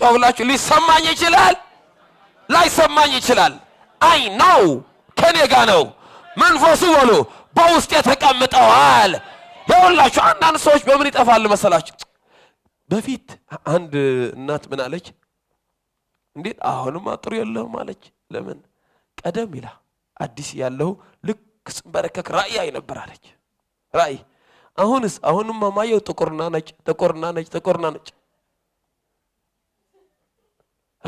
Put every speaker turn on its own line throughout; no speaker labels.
ጮህ ብላችሁ ሊሰማኝ ይችላል፣ ላይሰማኝ ይችላል። አይ ነው ከኔ ጋ ነው። መንፈሱ በሉ በውስጤ ተቀምጠዋል። የሁላችሁ አንዳንድ ሰዎች በምን ይጠፋል መሰላችሁ? በፊት አንድ እናት ምን አለች? እንዴት አሁንም አጥሩ የለውም አለች። ለምን ቀደም ይላ አዲስ ያለው ልክ ስንበረከክ ራእይ አይነበር አለች። ራእይ አሁንስ አሁንም ማየው ጥቁርና ነጭ ጥቁርና ነጭ ጥቁርና ነጭ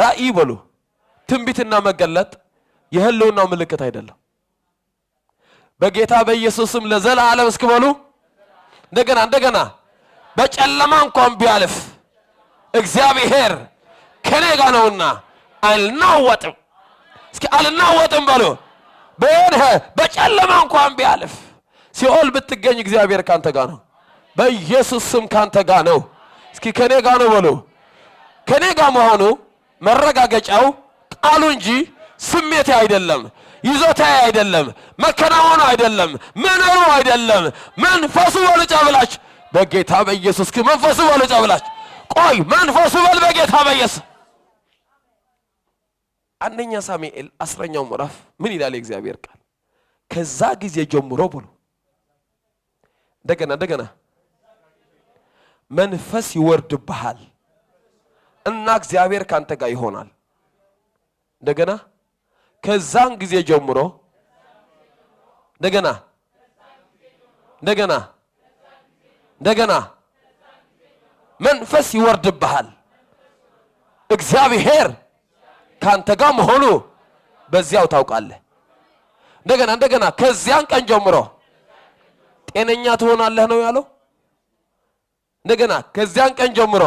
ራእይ በሉ ትንቢትና መገለጥ የህልውናው ምልክት አይደለም። በጌታ በኢየሱስም ለዘላለም እስክበሉ እንደገና እንደገና በጨለማ እንኳን ቢያልፍ እግዚአብሔር ከኔ ጋር ነውና አልናወጥም። እስኪ አልናወጥም በሉ። በጨለማ እንኳን ቢያልፍ ሲኦል ብትገኝ እግዚአብሔር ካንተ ጋር ነው። በኢየሱስ ስም ካንተ ጋር ነው። እስኪ ከኔ ጋር ነው በሉ። ከኔ ጋር መሆኑ መረጋገጫው ቃሉ እንጂ ስሜቴ አይደለም፣ ይዞታዬ አይደለም፣ መከናወኑ አይደለም፣ መኖሩ አይደለም። መንፈሱ በሉ ብላች በጌታ በኢየሱስ እስኪ መንፈሱ በሉ ብላች ቆይ መንፈሱ በል በጌታ በኢየሱስ አንደኛ ሳሙኤል አስረኛው ምዕራፍ ምን ይላል የእግዚአብሔር ቃል? ከዛ ጊዜ ጀምሮ ብሎ እንደገና እንደገና መንፈስ ይወርድብሃል እና እግዚአብሔር ካንተ ጋር ይሆናል። እንደገና ከዛን ጊዜ ጀምሮ እንደገና እንደገና እንደገና መንፈስ ይወርድብሃል። እግዚአብሔር ካንተ ጋር መሆኑ በዚያው ታውቃለህ። እንደገና እንደገና ከዚያን ቀን ጀምሮ ጤነኛ ትሆናለህ ነው ያለው። እንደገና ከዚያን ቀን ጀምሮ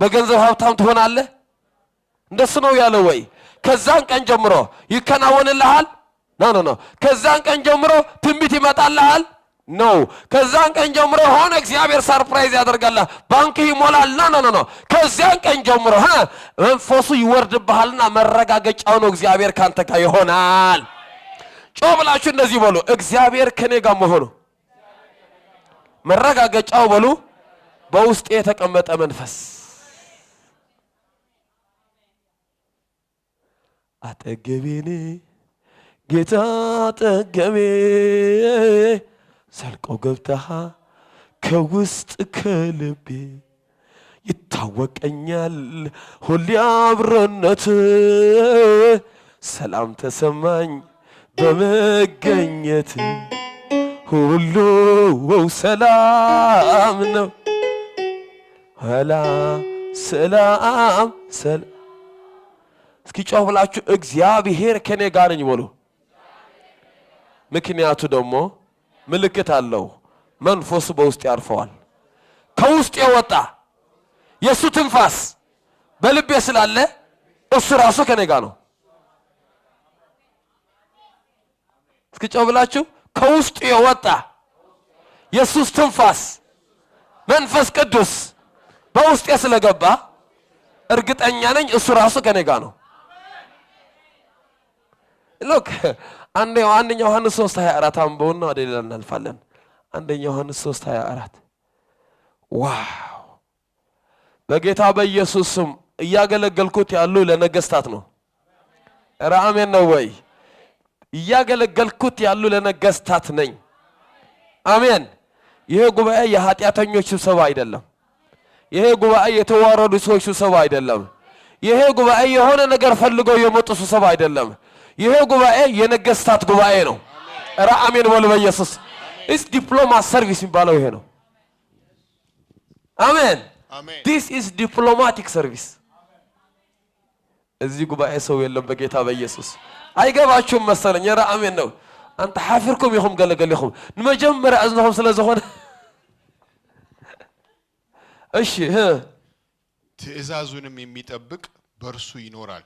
በገንዘብ ሀብታም ትሆናለህ። እንደሱ ነው ያለው ወይ? ከዛን ቀን ጀምሮ ይከናወንልሃል? ኖ ኖ ኖ። ከዛን ቀን ጀምሮ ትንቢት ይመጣልሃል ኖ። ከዛን ቀን ጀምሮ ሆነ እግዚአብሔር ሰርፕራይዝ ያደርጋል፣ ባንክ ይሞላል። ኖ ኖ ኖ። ኖ። ከዛን ቀን ጀምሮ ሀ መንፈሱ ይወርድብሃልና መረጋገጫው ነው እግዚአብሔር ካንተ ጋር ይሆናል። ጮህ ብላችሁ እንደዚህ በሉ፣ እግዚአብሔር ከኔ ጋር መሆኑ መረጋገጫው በሉ። በውስጤ የተቀመጠ መንፈስ አጠገቤኔ ጌታ አጠገቤ ሰልቆ ገብተሃ ከውስጥ ከልቤ ይታወቀኛል ሁሌ አብሮነት ሰላም ተሰማኝ በመገኘት ሁሉ ሰላም ነው ኋላ ሰላም ሰላም እስኪጮህ ብላችሁ እግዚአብሔር ከኔ ጋር ነኝ በሉ። ምክንያቱ ደግሞ ምልክት አለው። መንፈሱ በውስጥ ያርፈዋል። ከውስጥ የወጣ የእሱ ትንፋስ በልቤ ስላለ እሱ ራሱ ከኔ ጋር ነው። እስኪጮህ ብላችሁ ከውስጡ የወጣ የሱስ ትንፋስ መንፈስ ቅዱስ በውስጤ ስለገባ እርግጠኛ ነኝ እሱ ራሱ ከኔ ጋር ነው። ሎክ አንደኛ ዮሐንስ 3 24 አንብበውና ወደ ሌላ እናልፋለን። አንደኛ ዮሐንስ 3 24 ዋው በጌታ በኢየሱስ ስም እያገለገልኩት ያሉ ለነገስታት ነው። ራአሜን ነው ወይ? እያገለገልኩት ያሉ ለነገስታት ነኝ። አሜን። ይሄ ጉባኤ የኃጢአተኞች ስብሰባ አይደለም። ይሄ ጉባኤ የተዋረዱ ሰዎች ስብሰባ አይደለም። ይሄ ጉባኤ የሆነ ነገር ፈልገው የመጡ ስብሰባ አይደለም። ይሄ ጉባኤ የነገስታት ጉባኤ ነው። ራ አሜን በሉ በኢየሱስ ኢስ ዲፕሎማ ሰርቪስ የሚባለው ይሄ ነው። አሜን ዲስ ኢስ ዲፕሎማቲክ ሰርቪስ። እዚህ ጉባኤ ሰው የለም። በጌታ በኢየሱስ አይገባችሁም መሰለኝ። ራ አሜን ነው። አንተ ሓፊርኩም ይኹም ገለገሊኹም ንመጀመርያ እዝንኹም ስለ ዝኾነ እሺ
ትእዛዙንም የሚጠብቅ በእርሱ ይኖራል፣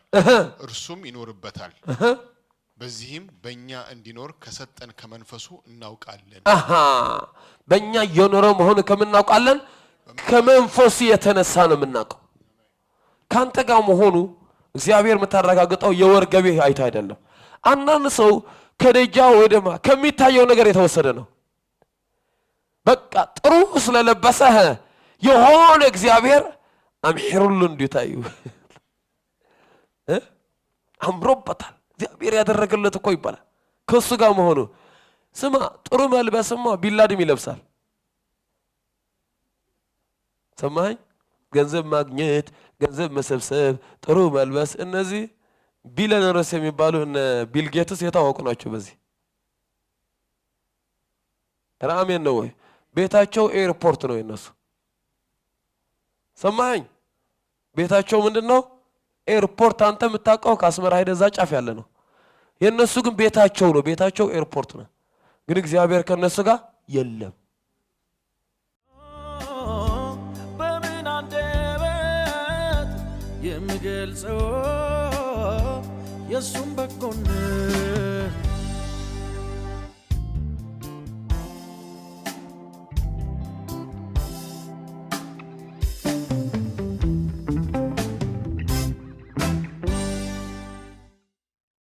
እርሱም ይኖርበታል። በዚህም በእኛ እንዲኖር ከሰጠን ከመንፈሱ እናውቃለን።
በእኛ እየኖረ መሆኑ ከምናውቃለን ከመንፈሱ የተነሳ ነው የምናውቀው። ከአንተ ጋር መሆኑ እግዚአብሔር የምታረጋግጠው የወር ገቢ አይቶ አይደለም። አንዳንድ ሰው ከደጃ ወደማ ከሚታየው ነገር የተወሰደ ነው። በቃ ጥሩ ስለለበሰህ የሆነ እግዚአብሔር አምሒሩሉ እንዲታዩ አምሮበታል እግዚአብሔር ያደረገለት እኮ ይባላል። ከእሱ ጋር መሆኑ ስማ፣ ጥሩ መልበስማ ቢላድም ይለብሳል። ሰማኝ። ገንዘብ ማግኘት፣ ገንዘብ መሰብሰብ፣ ጥሩ መልበስ፣ እነዚህ ቢሊየነርስ የሚባሉ እነ ቢል ጌትስ የታወቁ ናቸው። በዚህ ራሜን ነው ወይ ቤታቸው ኤርፖርት ነው የነሱ። ሰማኝ። ቤታቸው ምንድን ነው? ኤርፖርት አንተ የምታውቀው ከአስመራ ሄደ እዛ ጫፍ ያለ ነው። የእነሱ ግን ቤታቸው ነው፣ ቤታቸው ኤርፖርት ነው። ግን እግዚአብሔር ከእነሱ ጋር የለም። በምን አንደበት የምገልጸው የእሱም በጎነት